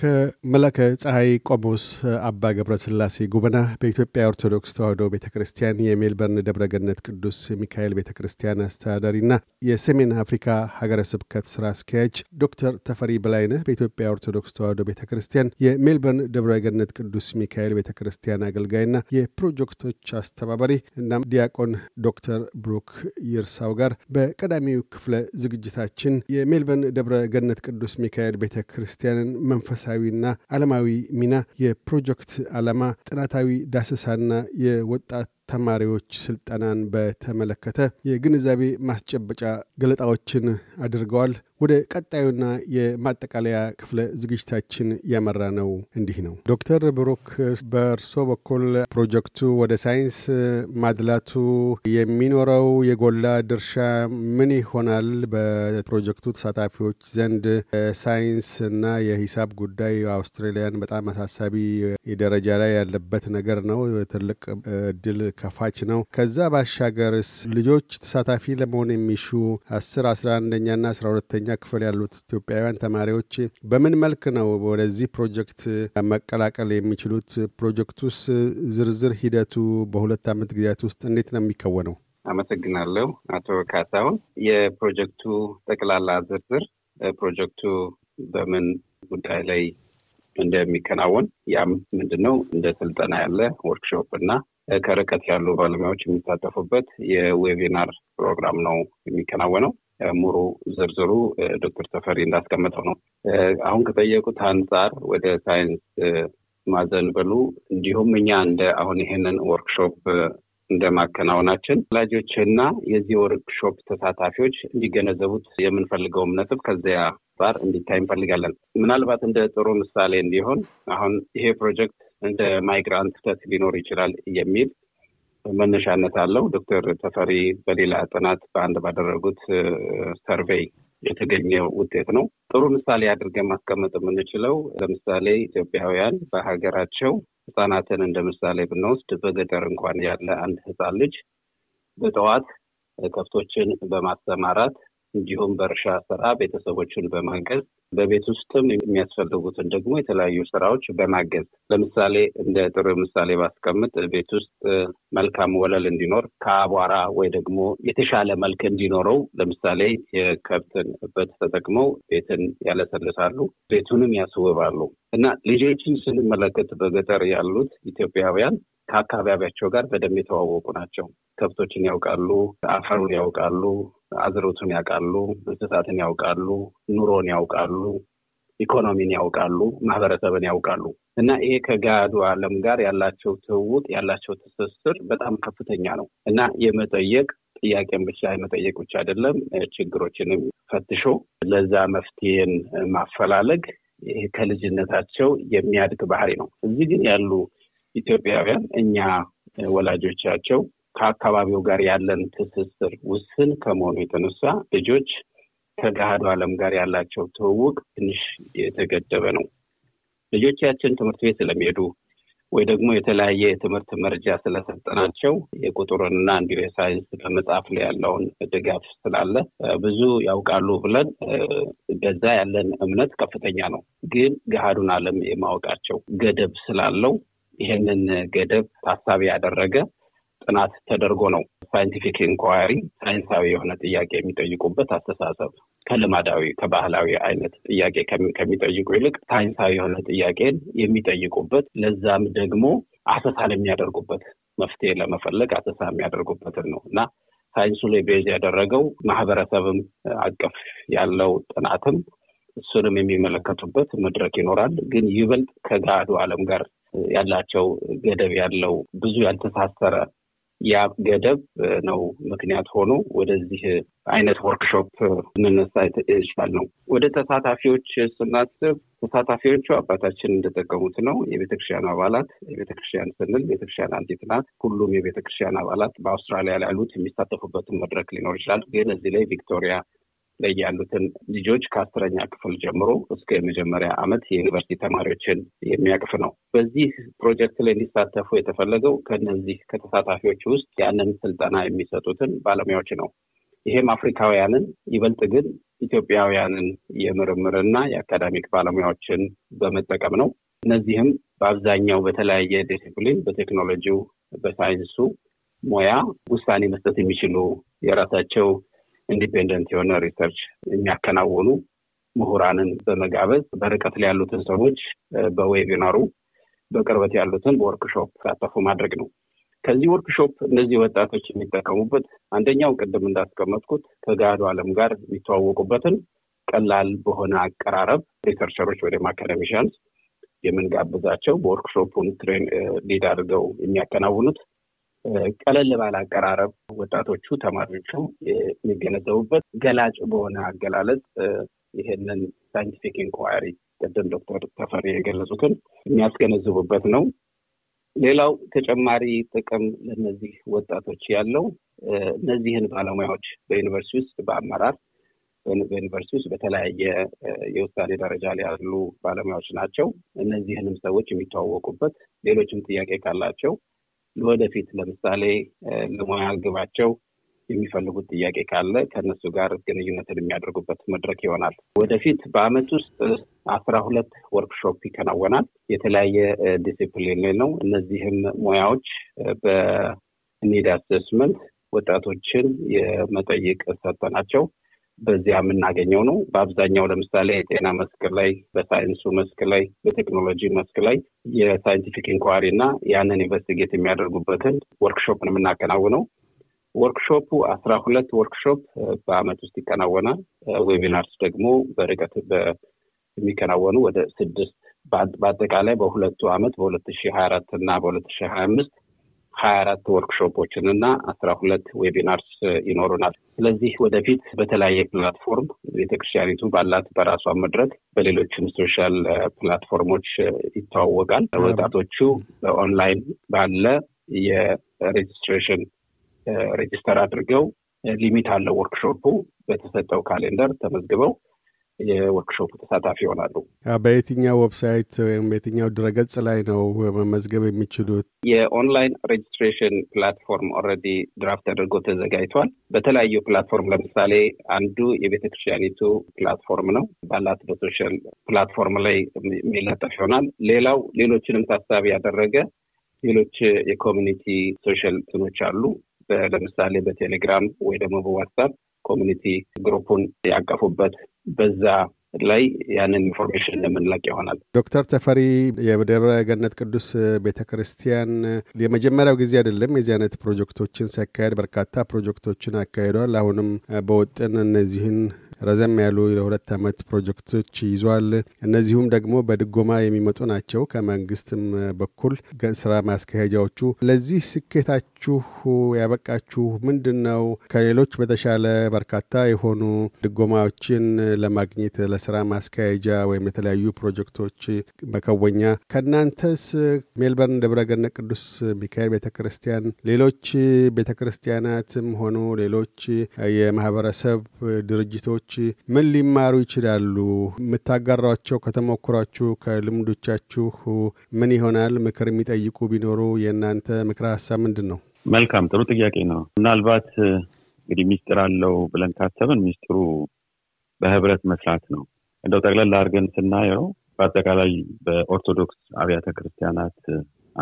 ከመላከ ፀሐይ ቆሞስ አባ ገብረስላሴ ጉበና በኢትዮጵያ ኦርቶዶክስ ተዋህዶ ቤተ ክርስቲያን የሜልበርን ደብረገነት ቅዱስ ሚካኤል ቤተ ክርስቲያን አስተዳዳሪና የሰሜን አፍሪካ ሀገረ ስብከት ስራ አስኪያጅ ዶክተር ተፈሪ በላይነህ በኢትዮጵያ ኦርቶዶክስ ተዋህዶ ቤተ ክርስቲያን የሜልበርን ደብረገነት ቅዱስ ሚካኤል ቤተ ክርስቲያን አገልጋይና የፕሮጀክቶች አስተባባሪ እናም ዲያቆን ዶክተር ብሩክ ይርሳው ጋር በቀዳሚው ክፍለ ዝግጅታችን የሜልበርን ደብረ ገነት ቅዱስ ሚካኤል ቤተ ክርስቲያንን መንፈሳ ሳይንሳዊና ዓለማዊ ሚና፣ የፕሮጀክት ዓላማ፣ ጥናታዊ ዳሰሳና የወጣት ተማሪዎች ስልጠናን በተመለከተ የግንዛቤ ማስጨበጫ ገለጣዎችን አድርገዋል። ወደ ቀጣዩና የማጠቃለያ ክፍለ ዝግጅታችን ያመራ ነው። እንዲህ ነው። ዶክተር ብሩክ በእርሶ በኩል ፕሮጀክቱ ወደ ሳይንስ ማድላቱ የሚኖረው የጎላ ድርሻ ምን ይሆናል? በፕሮጀክቱ ተሳታፊዎች ዘንድ ሳይንስ እና የሂሳብ ጉዳይ አውስትራሊያን በጣም አሳሳቢ ደረጃ ላይ ያለበት ነገር ነው። ትልቅ እድል ከፋች ነው። ከዛ ባሻገርስ ልጆች ተሳታፊ ለመሆን የሚሹ አስር አስራ ና አስራ ሁለተኛ ኛ ክፍል ያሉት ኢትዮጵያውያን ተማሪዎች በምን መልክ ነው ወደዚህ ፕሮጀክት መቀላቀል የሚችሉት? ፕሮጀክቱስ ዝርዝር ሂደቱ በሁለት ዓመት ጊዜያት ውስጥ እንዴት ነው የሚከወነው? አመሰግናለሁ አቶ ካሳሁን። የፕሮጀክቱ ጠቅላላ ዝርዝር ፕሮጀክቱ በምን ጉዳይ ላይ እንደሚከናወን ያም ምንድነው እንደ ስልጠና ያለ ወርክሾፕ እና ከርቀት ያሉ ባለሙያዎች የሚሳተፉበት የዌቢናር ፕሮግራም ነው የሚከናወነው። ሙሉ ዝርዝሩ ዶክተር ተፈሪ እንዳስቀመጠው ነው። አሁን ከጠየቁት አንጻር ወደ ሳይንስ ማዘንበሉ እንዲሁም እኛ እንደ አሁን ይሄንን ወርክሾፕ እንደማከናወናችን ወላጆችና የዚህ ወርክሾፕ ተሳታፊዎች እንዲገነዘቡት የምንፈልገውም ነጥብ ከዚያ አንጻር እንዲታይ እንፈልጋለን። ምናልባት እንደ ጥሩ ምሳሌ እንዲሆን አሁን ይሄ ፕሮጀክት እንደ ማይግራንት ስህተት ሊኖር ይችላል የሚል መነሻነት አለው። ዶክተር ተፈሪ በሌላ ጥናት በአንድ ባደረጉት ሰርቬይ የተገኘ ውጤት ነው። ጥሩ ምሳሌ አድርገን ማስቀመጥ የምንችለው ለምሳሌ ኢትዮጵያውያን በሀገራቸው ህጻናትን እንደ ምሳሌ ብንወስድ በገጠር እንኳን ያለ አንድ ህፃን ልጅ በጠዋት ከብቶችን በማሰማራት እንዲሁም በእርሻ ስራ ቤተሰቦችን በማገዝ በቤት ውስጥም የሚያስፈልጉትን ደግሞ የተለያዩ ስራዎች በማገዝ ለምሳሌ እንደ ጥሩ ምሳሌ ባስቀምጥ ቤት ውስጥ መልካም ወለል እንዲኖር ከአቧራ ወይ ደግሞ የተሻለ መልክ እንዲኖረው ለምሳሌ የከብትን በት ተጠቅመው ቤትን ያለሰልሳሉ፣ ቤቱንም ያስውባሉ እና ልጆችን ስንመለከት በገጠር ያሉት ኢትዮጵያውያን ከአካባቢያቸው ጋር በደንብ የተዋወቁ ናቸው። ከብቶችን ያውቃሉ፣ አፈሩን ያውቃሉ፣ አዝሮቱን ያውቃሉ፣ እንስሳትን ያውቃሉ፣ ኑሮን ያውቃሉ፣ ኢኮኖሚን ያውቃሉ፣ ማህበረሰብን ያውቃሉ እና ይሄ ከጋዱ ዓለም ጋር ያላቸው ትውውቅ ያላቸው ትስስር በጣም ከፍተኛ ነው እና የመጠየቅ ጥያቄን ብቻ የመጠየቅ ብቻ አይደለም፣ ችግሮችንም ፈትሾ ለዛ መፍትሄን ማፈላለግ ይሄ ከልጅነታቸው የሚያድግ ባህሪ ነው። እዚህ ግን ያሉ ኢትዮጵያውያን እኛ ወላጆቻቸው ከአካባቢው ጋር ያለን ትስስር ውስን ከመሆኑ የተነሳ ልጆች ከገሃዱ ዓለም ጋር ያላቸው ትውውቅ ትንሽ የተገደበ ነው። ልጆቻችን ትምህርት ቤት ስለሚሄዱ ወይ ደግሞ የተለያየ የትምህርት መርጃ ስለሰጠናቸው የቁጥርንና እንዲሁ የሳይንስ በመጽሐፍ ላይ ያለውን ድጋፍ ስላለ ብዙ ያውቃሉ ብለን በዛ ያለን እምነት ከፍተኛ ነው። ግን ገሃዱን ዓለም የማወቃቸው ገደብ ስላለው ይህንን ገደብ ታሳቢ ያደረገ ጥናት ተደርጎ ነው ሳይንቲፊክ ኢንኳሪ ሳይንሳዊ የሆነ ጥያቄ የሚጠይቁበት አስተሳሰብ ከልማዳዊ ከባህላዊ አይነት ጥያቄ ከሚጠይቁ ይልቅ ሳይንሳዊ የሆነ ጥያቄን የሚጠይቁበት ለዛም ደግሞ አሰሳ የሚያደርጉበት መፍትሄ ለመፈለግ አሰሳ የሚያደርጉበትን ነው እና ሳይንሱ ላይ ቤዝ ያደረገው ማህበረሰብም አቀፍ ያለው ጥናትም እሱንም የሚመለከቱበት መድረክ ይኖራል። ግን ይበልጥ ከጋዱ አለም ጋር ያላቸው ገደብ ያለው ብዙ ያልተሳሰረ ያ ገደብ ነው ምክንያት ሆኖ ወደዚህ አይነት ወርክሾፕ ልንነሳ ይችላል ነው። ወደ ተሳታፊዎች ስናስብ ተሳታፊዎቹ አባታችን እንደጠቀሙት ነው የቤተክርስቲያን አባላት። የቤተክርስቲያን ስንል ቤተክርስቲያን አንዲት ናት። ሁሉም የቤተክርስቲያን አባላት በአውስትራሊያ ላሉት የሚሳተፉበትን መድረክ ሊኖር ይችላል። ግን እዚህ ላይ ቪክቶሪያ ላይ ያሉትን ልጆች ከአስረኛ ክፍል ጀምሮ እስከ የመጀመሪያ ዓመት የዩኒቨርሲቲ ተማሪዎችን የሚያቅፍ ነው። በዚህ ፕሮጀክት ላይ እንዲሳተፉ የተፈለገው ከነዚህ ከተሳታፊዎች ውስጥ ያንን ስልጠና የሚሰጡትን ባለሙያዎች ነው። ይሄም አፍሪካውያንን ይበልጥ ግን ኢትዮጵያውያንን የምርምርና የአካዳሚክ ባለሙያዎችን በመጠቀም ነው። እነዚህም በአብዛኛው በተለያየ ዲሲፕሊን በቴክኖሎጂው፣ በሳይንሱ ሙያ ውሳኔ መስጠት የሚችሉ የራሳቸው ኢንዲፔንደንት የሆነ ሪሰርች የሚያከናውኑ ምሁራንን በመጋበዝ በርቀት ላይ ያሉትን ሰዎች በዌቢናሩ በቅርበት ያሉትን በወርክሾፕ ሳተፉ ማድረግ ነው። ከዚህ ወርክሾፕ እነዚህ ወጣቶች የሚጠቀሙበት አንደኛው ቅድም እንዳስቀመጥኩት ከጋዱ አለም ጋር የሚተዋወቁበትን ቀላል በሆነ አቀራረብ ሪሰርቸሮች ወይም አካደሚሻንስ የምንጋብዛቸው በወርክሾፑን ትሬን ሊድ አድርገው የሚያከናውኑት ቀለል ባለ አቀራረብ ወጣቶቹ ተማሪዎቹ የሚገነዘቡበት ገላጭ በሆነ አገላለጽ ይህንን ሳይንቲፊክ ኢንኳሪ ቅድም ዶክተር ተፈሪ የገለጹትን የሚያስገነዝቡበት ነው። ሌላው ተጨማሪ ጥቅም ለነዚህ ወጣቶች ያለው እነዚህን ባለሙያዎች በዩኒቨርሲቲ ውስጥ በአመራር በዩኒቨርሲቲ ውስጥ በተለያየ የውሳኔ ደረጃ ላይ ያሉ ባለሙያዎች ናቸው። እነዚህንም ሰዎች የሚተዋወቁበት ሌሎችም ጥያቄ ካላቸው ለወደፊት ለምሳሌ ለሙያ ግባቸው የሚፈልጉት ጥያቄ ካለ ከእነሱ ጋር ግንኙነትን የሚያደርጉበት መድረክ ይሆናል። ወደፊት በአመት ውስጥ አስራ ሁለት ወርክሾፕ ይከናወናል። የተለያየ ዲሲፕሊን ነው። እነዚህም ሙያዎች በኒድ አሴስመንት ወጣቶችን የመጠይቅ ሰጠናቸው። በዚያ የምናገኘው ነው። በአብዛኛው ለምሳሌ የጤና መስክ ላይ፣ በሳይንሱ መስክ ላይ፣ በቴክኖሎጂ መስክ ላይ የሳይንቲፊክ ኢንኳሪ እና ያንን ኢንቨስቲጌት የሚያደርጉበትን ወርክሾፕ ነው የምናከናውነው። ወርክሾፑ አስራ ሁለት ወርክሾፕ በአመት ውስጥ ይከናወናል። ዌቢናርስ ደግሞ በርቀት የሚከናወኑ ወደ ስድስት በአጠቃላይ በሁለቱ አመት በሁለት ሺ ሀያ አራት እና በሁለት ሺ ሀያ አምስት ሀያ አራት ወርክሾፖችን እና አስራ ሁለት ዌቢናርስ ይኖሩናል። ስለዚህ ወደፊት በተለያየ ፕላትፎርም ቤተክርስቲያኒቱ ባላት በራሷ መድረክ በሌሎችም ሶሻል ፕላትፎርሞች ይተዋወቃል። ወጣቶቹ በኦንላይን ባለ የሬጅስትሬሽን ሬጅስተር አድርገው ሊሚት አለው ወርክሾፑ በተሰጠው ካሌንደር ተመዝግበው የወርክሾፕ ተሳታፊ ይሆናሉ። በየትኛው ዌብሳይት ወይም የትኛው ድረገጽ ላይ ነው መመዝገብ የሚችሉት? የኦንላይን ሬጅስትሬሽን ፕላትፎርም ኦልሬዲ ድራፍት ተደርጎ ተዘጋጅቷል። በተለያዩ ፕላትፎርም ለምሳሌ አንዱ የቤተ ክርስቲያኒቱ ፕላትፎርም ነው። ባላት በሶሻል ፕላትፎርም ላይ የሚለጠፍ ይሆናል። ሌላው ሌሎችንም ታሳቢ ያደረገ ሌሎች የኮሚኒቲ ሶሻል ትኖች አሉ። ለምሳሌ በቴሌግራም ወይ ደግሞ በዋትሳፕ ኮሚኒቲ ግሩፑን ያቀፉበት በዛ ላይ ያንን ኢንፎርሜሽን የምንለቅ ይሆናል። ዶክተር ተፈሪ የደብረ ገነት ቅዱስ ቤተ ክርስቲያን የመጀመሪያው ጊዜ አይደለም የዚህ አይነት ፕሮጀክቶችን ሲያካሄድ በርካታ ፕሮጀክቶችን አካሂዷል። አሁንም በውጥን እነዚህን ረዘም ያሉ የሁለት ዓመት ፕሮጀክቶች ይዟል። እነዚሁም ደግሞ በድጎማ የሚመጡ ናቸው። ከመንግስትም በኩል ስራ ማስካሄጃዎቹ ለዚህ ስኬታ ለዚህ ያበቃችሁ ምንድን ነው? ከሌሎች በተሻለ በርካታ የሆኑ ድጎማዎችን ለማግኘት ለስራ ማስካሄጃ ወይም ለተለያዩ ፕሮጀክቶች መከወኛ ከእናንተስ ሜልበርን ደብረገነ ቅዱስ ሚካኤል ቤተ ክርስቲያን ሌሎች ቤተ ክርስቲያናትም ሆኑ ሌሎች የማህበረሰብ ድርጅቶች ምን ሊማሩ ይችላሉ? የምታጋሯቸው ከተሞክሯችሁ ከልምዶቻችሁ ምን ይሆናል? ምክር የሚጠይቁ ቢኖሩ የእናንተ ምክረ ሀሳብ ምንድን ነው? መልካም ጥሩ ጥያቄ ነው። ምናልባት እንግዲህ ሚስጥር አለው ብለን ካሰብን ሚስጥሩ በህብረት መስራት ነው። እንደው ጠቅለል አድርገን ስናየው በአጠቃላይ በኦርቶዶክስ አብያተ ክርስቲያናት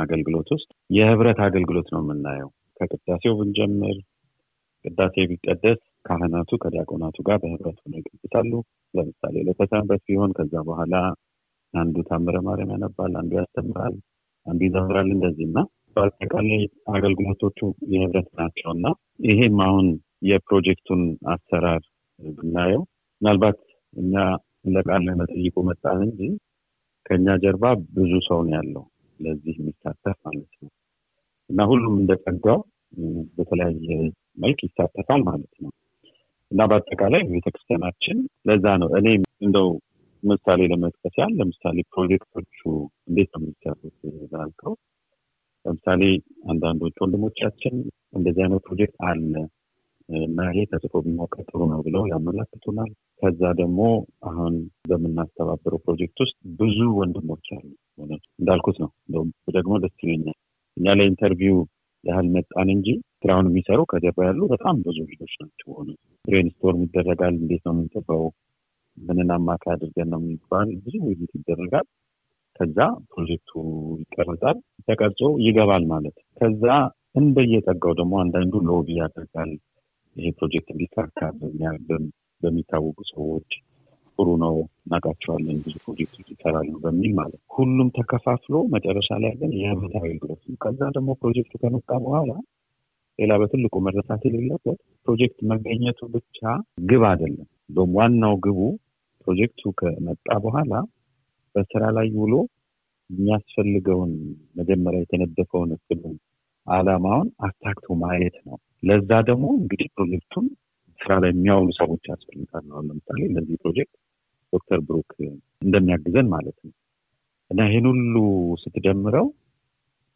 አገልግሎት ውስጥ የህብረት አገልግሎት ነው የምናየው። ከቅዳሴው ብንጀምር ቅዳሴ ቢቀደስ ካህናቱ ከዲያቆናቱ ጋር በህብረት ሆነ ይቀድሳሉ። ለምሳሌ ለተሰንበት ቢሆን ከዛ በኋላ አንዱ ታምረ ማርያም ያነባል፣ አንዱ ያስተምራል፣ አንዱ ይዘምራል። እንደዚህ እና በአጠቃላይ አገልግሎቶቹ የህብረት ናቸው እና ይሄም አሁን የፕሮጀክቱን አሰራር ብናየው ምናልባት እኛ ለቃለ መጠይቁ መጣን እንጂ ከእኛ ጀርባ ብዙ ሰው ነው ያለው ለዚህ የሚሳተፍ ማለት ነው እና ሁሉም እንደጠጋው በተለያየ መልክ ይሳተፋል ማለት ነው እና በአጠቃላይ ቤተክርስቲያናችን ለዛ ነው እኔ እንደው ምሳሌ ለመጥቀስ ያህል ለምሳሌ ፕሮጀክቶቹ እንዴት ነው የሚሰሩት ላልከው ለምሳሌ አንዳንዶች ወንድሞቻችን እንደዚህ አይነት ፕሮጀክት አለ እና ይሄ ተጽፎ ቢሞቀ ጥሩ ነው ብለው ያመላክቱናል። ከዛ ደግሞ አሁን በምናስተባበረው ፕሮጀክት ውስጥ ብዙ ወንድሞች አሉ። እንዳልኩት ነው ደግሞ ደስ ይለኛል። እኛ ለኢንተርቪው ያህል መጣን እንጂ ስራውን የሚሰሩ ከጀርባ ያሉ በጣም ብዙ ልጆች ናቸው። ሆነ ብሬንስቶርም ይደረጋል። እንዴት ነው የምንጽፈው? ምንን አማካ አድርገን ነው የሚባል ብዙ ውይይት ይደረጋል። ከዛ ፕሮጀክቱ ይቀረጻል፣ ተቀርጾ ይገባል ማለት ከዛ እንደየጸጋው ደግሞ አንዳንዱ ሎቢ ያደርጋል። ይሄ ፕሮጀክት እንዲሳካ በሚታወቁ ሰዎች ጥሩ ነው እናውቃቸዋለን፣ ብዙ ፕሮጀክቶች ይሰራሉ በሚል ማለት ሁሉም ተከፋፍሎ መጨረሻ ላይ ያለን የህብረታዊ ግለት ነው። ከዛ ደግሞ ፕሮጀክቱ ከመጣ በኋላ ሌላ በትልቁ መረሳት የሌለበት ፕሮጀክት መገኘቱ ብቻ ግብ አይደለም። ዋናው ግቡ ፕሮጀክቱ ከመጣ በኋላ በስራ ላይ ውሎ የሚያስፈልገውን መጀመሪያ የተነደፈውን እቅዱን አላማውን አታክቶ ማየት ነው። ለዛ ደግሞ እንግዲህ ፕሮጀክቱን ስራ ላይ የሚያውሉ ሰዎች ያስፈልጋል። አሁን ለምሳሌ ለዚህ ፕሮጀክት ዶክተር ብሩክ እንደሚያግዘን ማለት ነው እና ይህን ሁሉ ስትደምረው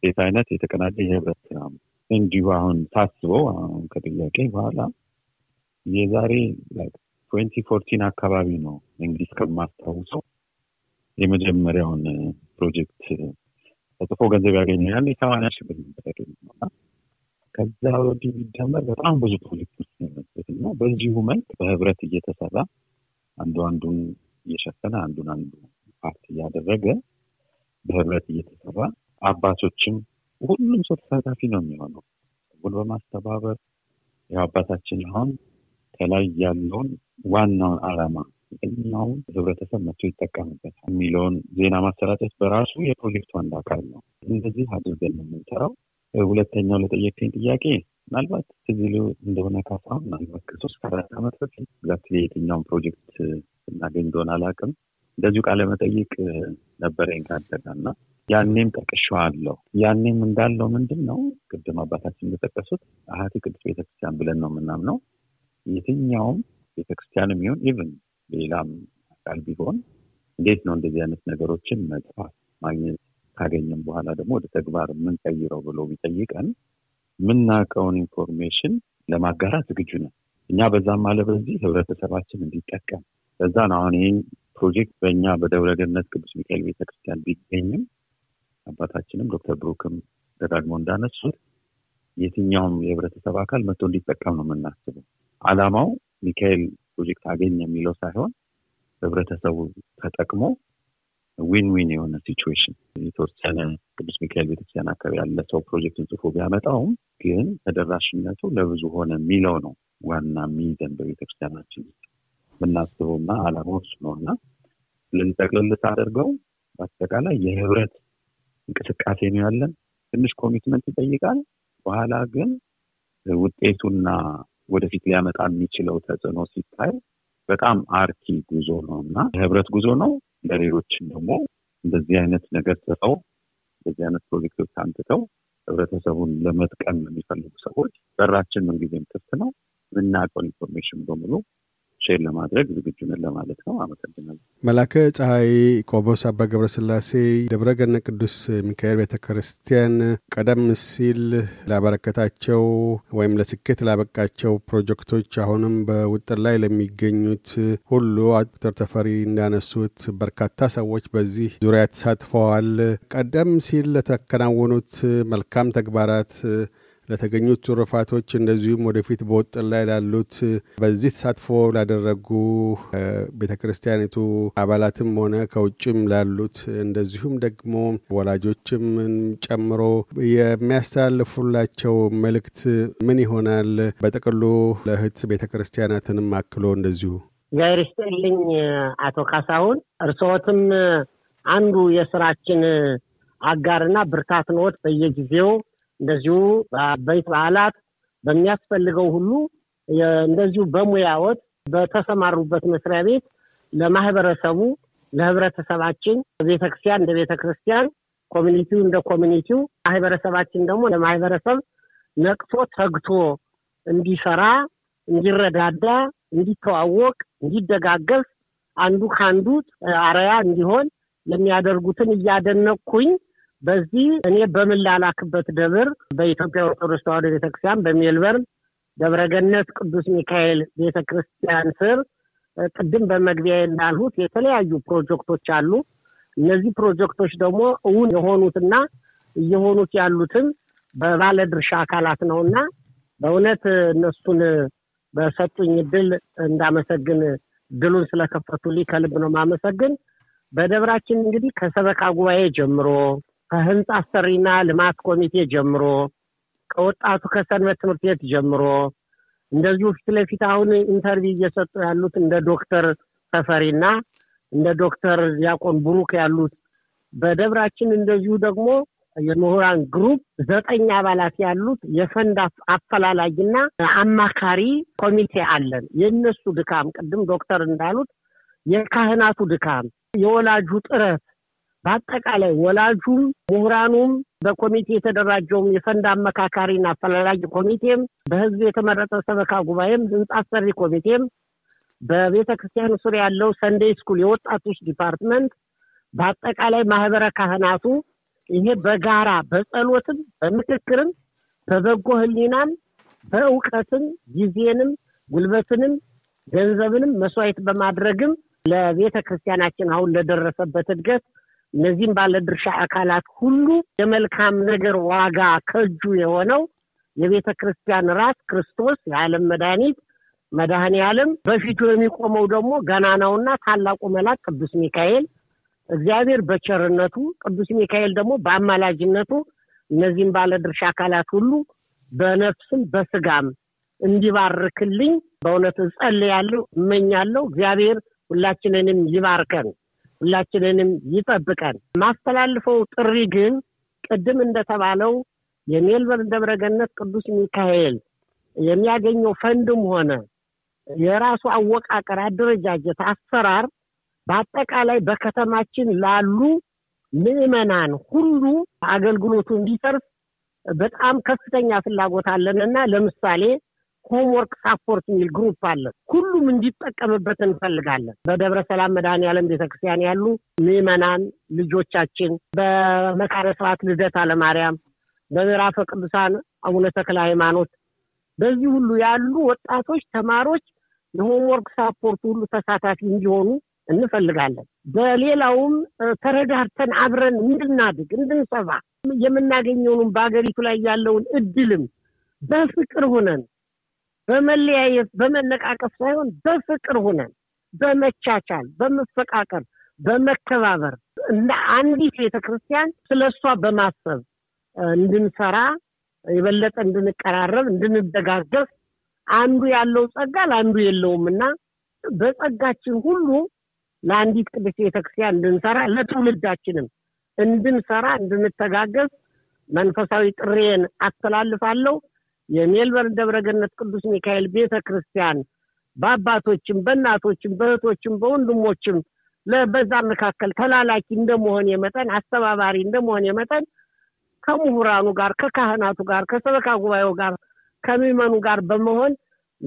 ቤት አይነት የተቀናጀ የህብረት ስራ ነው። እንዲሁ አሁን ሳስበው አሁን ከጥያቄ በኋላ የዛሬ ትዌንቲ ፎርቲን አካባቢ ነው እንግዲህ ከማስታውሰው የመጀመሪያውን ፕሮጀክት ተጽፎ ገንዘብ ያገኛል። የሰማንያ ሺህ ብር ነበር ከዛ ወዲህ ቢደመር በጣም ብዙ ፕሮጀክቶች ነመስት እና በዚሁ መልክ በህብረት እየተሰራ አንዱ አንዱን እየሸፈነ አንዱን አንዱ ፓርት እያደረገ በህብረት እየተሰራ አባቶችም ሁሉም ሰው ተሳታፊ ነው የሚሆነው ሁሉ በማስተባበር ያው አባታችን አሁን ከላይ ያለውን ዋናውን አላማ ያስገኘው ህብረተሰብ መቶ ይጠቀምበታል የሚለውን ዜና ማሰራጨት በራሱ የፕሮጀክቱ አንድ አካል ነው። እንደዚህ አድርገን ነው የምንሰራው። ሁለተኛው ለጠየቀኝ ጥያቄ ምናልባት ትዝሉ እንደሆነ ካፋ ምናልባት ከሶስት ከአራት ዓመት በፊት ዛት የትኛውን ፕሮጀክት እናገኝ እንደሆነ አላውቅም እንደዚሁ ቃለ መጠይቅ ነበረኝ ካንተ እና ያኔም ጠቅሼዋለሁ። ያኔም እንዳለው ምንድን ነው ቅድም አባታችን እንደጠቀሱት አሀቲ ቅዱስ ቤተክርስቲያን ብለን ነው የምናምነው። የትኛውም ቤተክርስቲያንም ይሁን ኢቭን ሌላም አካል ቢሆን እንዴት ነው እንደዚህ አይነት ነገሮችን መጥፋት ማግኘት ካገኘም በኋላ ደግሞ ወደ ተግባር የምንቀይረው ብሎ ቢጠይቀን የምናውቀውን ኢንፎርሜሽን ለማጋራት ዝግጁ ነው እኛ በዛም አለ በዚህ ህብረተሰባችን እንዲጠቀም በዛ ነው። አሁን ይህ ፕሮጀክት በእኛ በደብረ ገነት ቅዱስ ሚካኤል ቤተክርስቲያን ቢገኝም አባታችንም ዶክተር ብሩክም ደጋግሞ እንዳነሱት የትኛውም የህብረተሰብ አካል መጥቶ እንዲጠቀም ነው የምናስበው። አላማው ሚካኤል ፕሮጀክት አገኝ የሚለው ሳይሆን ህብረተሰቡ ተጠቅሞ ዊን ዊን የሆነ ሲቹዌሽን የተወሰነ ቅዱስ ሚካኤል ቤተክርስቲያን አካባቢ ያለ ሰው ፕሮጀክትን ጽፎ ቢያመጣውም ግን ተደራሽነቱ ለብዙ ሆነ የሚለው ነው ዋና የሚይዘን በቤተክርስቲያናችን የምናስበውና አላማው እሱ ነው እና ልንጠቅልል በአጠቃላይ የህብረት እንቅስቃሴ ነው ያለን። ትንሽ ኮሚትመንት ይጠይቃል። በኋላ ግን ውጤቱና ወደፊት ሊያመጣ የሚችለው ተጽዕኖ ሲታይ በጣም አርኪ ጉዞ ነው እና የህብረት ጉዞ ነው። ለሌሎችም ደግሞ እንደዚህ አይነት ነገር ሰጠው እንደዚህ አይነት ፕሮጀክቶች አንትተው ህብረተሰቡን ለመጥቀም የሚፈልጉ ሰዎች በራችን ምንጊዜም ክፍት ነው። የምናውቀውን ኢንፎርሜሽን በሙሉ ሼር ለማድረግ ነን ለማለት ነው። አመሰግናለሁ። መላከ ፀሐይ ቆቦስ አባ ገብረስላሴ ደብረገነ ቅዱስ ሚካኤል ቤተ ክርስቲያን ቀደም ሲል ላበረከታቸው ወይም ለስኬት ላበቃቸው ፕሮጀክቶች አሁንም በውጥር ላይ ለሚገኙት ሁሉ ዶክተር ተፈሪ እንዳነሱት በርካታ ሰዎች በዚህ ዙሪያ ተሳትፈዋል። ቀደም ሲል ለተከናወኑት መልካም ተግባራት ለተገኙት ትሩፋቶች እንደዚሁም ወደፊት በውጥን ላይ ላሉት በዚህ ተሳትፎ ላደረጉ ቤተ ክርስቲያኒቱ አባላትም ሆነ ከውጭም ላሉት እንደዚሁም ደግሞ ወላጆችም ጨምሮ የሚያስተላልፉላቸው መልእክት ምን ይሆናል? በጥቅሉ ለእህት ቤተ ክርስቲያናትንም አክሎ እንደዚሁ እግዚአብሔር ይስጥልኝ አቶ ካሳሁን እርስዎትም አንዱ የስራችን አጋርና ብርታት ኖት በየጊዜው እንደዚሁ በአበይት በዓላት በሚያስፈልገው ሁሉ እንደዚሁ በሙያዎች በተሰማሩበት መስሪያ ቤት ለማህበረሰቡ ለህብረተሰባችን ቤተክርስቲያን እንደ ቤተክርስቲያን ኮሚኒቲው እንደ ኮሚኒቲው ማህበረሰባችን ደግሞ ለማህበረሰብ ነቅቶ ተግቶ እንዲሰራ፣ እንዲረዳዳ፣ እንዲተዋወቅ፣ እንዲደጋገፍ አንዱ ከአንዱ አረያ እንዲሆን የሚያደርጉትን እያደነቅኩኝ በዚህ እኔ በምላላክበት ደብር በኢትዮጵያ ኦርቶዶክስ ተዋሕዶ ቤተክርስቲያን በሜልበርን ደብረገነት ቅዱስ ሚካኤል ቤተክርስቲያን ስር ቅድም በመግቢያ እንዳልሁት የተለያዩ ፕሮጀክቶች አሉ። እነዚህ ፕሮጀክቶች ደግሞ እውን የሆኑትና እየሆኑት ያሉትም በባለ ድርሻ አካላት ነው እና በእውነት እነሱን በሰጡኝ ድል እንዳመሰግን ድሉን ስለከፈቱልኝ ከልብ ነው ማመሰግን። በደብራችን እንግዲህ ከሰበካ ጉባኤ ጀምሮ ከህንፃ ሰሪና ልማት ኮሚቴ ጀምሮ ከወጣቱ ከሰንበት ትምህርት ቤት ጀምሮ እንደዚሁ ፊት ለፊት አሁን ኢንተርቪው እየሰጡ ያሉት እንደ ዶክተር ተፈሪና እንደ ዶክተር ዲያቆን ብሩክ ያሉት በደብራችን እንደዚሁ ደግሞ የምሁራን ግሩፕ ዘጠኝ አባላት ያሉት የፈንድ አፈላላጊና አማካሪ ኮሚቴ አለን። የእነሱ ድካም ቅድም ዶክተር እንዳሉት የካህናቱ ድካም፣ የወላጁ ጥረት በአጠቃላይ ወላጁም፣ ምሁራኑም፣ በኮሚቴ የተደራጀውም የፈንድ አመካካሪና አፈላላጊ ኮሚቴም፣ በህዝብ የተመረጠ ሰበካ ጉባኤም፣ ህንጻ ሰሪ ኮሚቴም፣ በቤተ ክርስቲያን ስር ያለው ሰንደይ ስኩል የወጣቶች ዲፓርትመንት፣ በአጠቃላይ ማህበረ ካህናቱ ይሄ በጋራ በጸሎትም በምክክርም በበጎ ህሊናም በእውቀትም ጊዜንም ጉልበትንም ገንዘብንም መስዋዕት በማድረግም ለቤተ ክርስቲያናችን አሁን ለደረሰበት እድገት እነዚህም ባለድርሻ አካላት ሁሉ የመልካም ነገር ዋጋ ከእጁ የሆነው የቤተ ክርስቲያን ራስ ክርስቶስ የዓለም መድኃኒት መድኃኔ ዓለም በፊቱ የሚቆመው ደግሞ ገናናውና ታላቁ መልአክ ቅዱስ ሚካኤል እግዚአብሔር በቸርነቱ ቅዱስ ሚካኤል ደግሞ በአማላጅነቱ እነዚህም ባለድርሻ አካላት ሁሉ በነፍስም በስጋም እንዲባርክልኝ በእውነት እጸልያለሁ፣ እመኛለሁ። እግዚአብሔር ሁላችንንም ይባርከን። ሁላችንንም ይጠብቀን። ማስተላልፈው ጥሪ ግን ቅድም እንደተባለው የሜልበርን ደብረገነት ቅዱስ ሚካኤል የሚያገኘው ፈንድም ሆነ የራሱ አወቃቀር፣ አደረጃጀት፣ አሰራር በአጠቃላይ በከተማችን ላሉ ምዕመናን ሁሉ አገልግሎቱ እንዲሰርፍ በጣም ከፍተኛ ፍላጎት አለን እና ለምሳሌ ሆምወርክ ሳፖርት የሚል ግሩፕ አለ። ሁሉም እንዲጠቀምበት እንፈልጋለን። በደብረ ሰላም መድኃኔ ቤተክርስቲያን ያሉ ምዕመናን ልጆቻችን፣ በመካነ ስርዓት ልደት አለማርያም፣ በምዕራፈ ቅዱሳን አቡነ ተክለ ሃይማኖት፣ በዚህ ሁሉ ያሉ ወጣቶች ተማሪዎች የሆምወርክ ሳፖርት ሁሉ ተሳታፊ እንዲሆኑ እንፈልጋለን። በሌላውም ተረዳርተን አብረን እንድናድግ እንድንሰፋ የምናገኘውንም በሀገሪቱ ላይ ያለውን እድልም በፍቅር ሆነን በመለያየት በመነቃቀፍ ሳይሆን በፍቅር ሁነን በመቻቻል በመፈቃቀር በመከባበር እንደ አንዲት ቤተክርስቲያን ስለ እሷ በማሰብ እንድንሰራ የበለጠ እንድንቀራረብ እንድንደጋገፍ አንዱ ያለው ጸጋ ለአንዱ የለውም እና በጸጋችን ሁሉ ለአንዲት ቅዱስ ቤተክርስቲያን እንድንሰራ ለትውልዳችንም እንድንሰራ እንድንተጋገፍ መንፈሳዊ ጥሬን አስተላልፋለሁ። የሜልበርን ደብረገነት ቅዱስ ሚካኤል ቤተ ክርስቲያን በአባቶችም በእናቶችም በእህቶችም በወንድሞችም በዛ መካከል ተላላኪ እንደመሆን የመጠን አስተባባሪ እንደመሆን የመጠን ከምሁራኑ ጋር ከካህናቱ ጋር ከሰበካ ጉባኤው ጋር ከሚመኑ ጋር በመሆን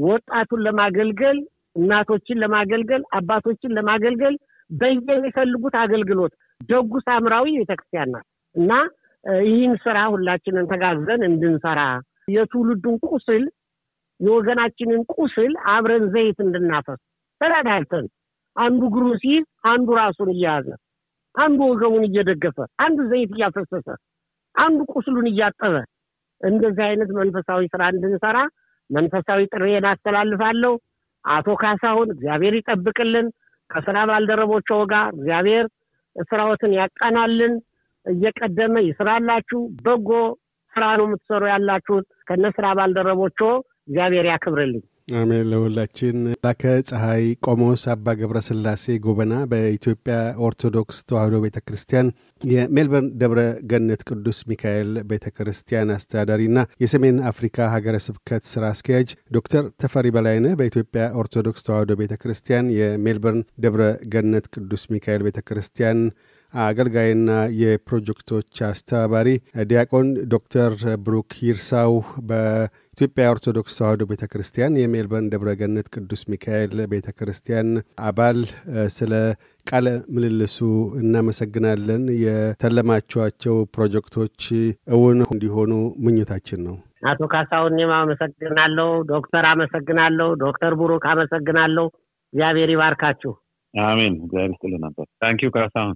ወጣቱን ለማገልገል እናቶችን ለማገልገል አባቶችን ለማገልገል በየሚፈልጉት አገልግሎት ደጉ ሳምራዊ ቤተክርስቲያን ናት እና ይህን ስራ ሁላችንን ተጋግዘን እንድንሰራ የትውልዱን ቁስል የወገናችንን ቁስል አብረን ዘይት እንድናፈስ ተዳዳልተን አንዱ እግሩ ሲይዝ አንዱ ራሱን እየያዘ አንዱ ወገቡን እየደገፈ አንዱ ዘይት እያፈሰሰ አንዱ ቁስሉን እያጠበ እንደዚህ አይነት መንፈሳዊ ስራ እንድንሰራ መንፈሳዊ ጥሬን አስተላልፋለሁ። አቶ ካሳሁን እግዚአብሔር ይጠብቅልን። ከስራ ባልደረቦቿ ጋር እግዚአብሔር ስራዎትን ያቃናልን እየቀደመ ይስራላችሁ። በጎ ስራ ነው የምትሰሩ ያላችሁት ከነ ስራ ባልደረቦች እግዚአብሔር ያክብርልኝ። አሜን። ለሁላችን ላከ ፀሐይ ቆሞስ አባ ገብረስላሴ ጎበና በኢትዮጵያ ኦርቶዶክስ ተዋህዶ ቤተ ክርስቲያን የሜልበርን ደብረ ገነት ቅዱስ ሚካኤል ቤተ ክርስቲያን ና የሰሜን አፍሪካ ሀገረ ስብከት ስራ አስኪያጅ፣ ዶክተር ተፈሪ በላይነ በኢትዮጵያ ኦርቶዶክስ ተዋህዶ ቤተ ክርስቲያን የሜልበርን ደብረ ገነት ቅዱስ ሚካኤል ቤተ ክርስቲያን አገልጋይና የፕሮጀክቶች አስተባባሪ ዲያቆን ዶክተር ብሩክ ይርሳው በኢትዮጵያ ኦርቶዶክስ ተዋህዶ ቤተ ክርስቲያን የሜልበርን ደብረገነት ቅዱስ ሚካኤል ቤተ ክርስቲያን አባል ስለ ቃለ ምልልሱ እናመሰግናለን። የተለማችኋቸው ፕሮጀክቶች እውን እንዲሆኑ ምኞታችን ነው። አቶ ካሳሁን እኔም አመሰግናለሁ። ዶክተር አመሰግናለሁ። ዶክተር ብሩክ አመሰግናለሁ። እግዚአብሔር ይባርካችሁ። አሜን። እግዚአብሔር ይስጥልን ነበር። ታንኪዩ ካሳሁን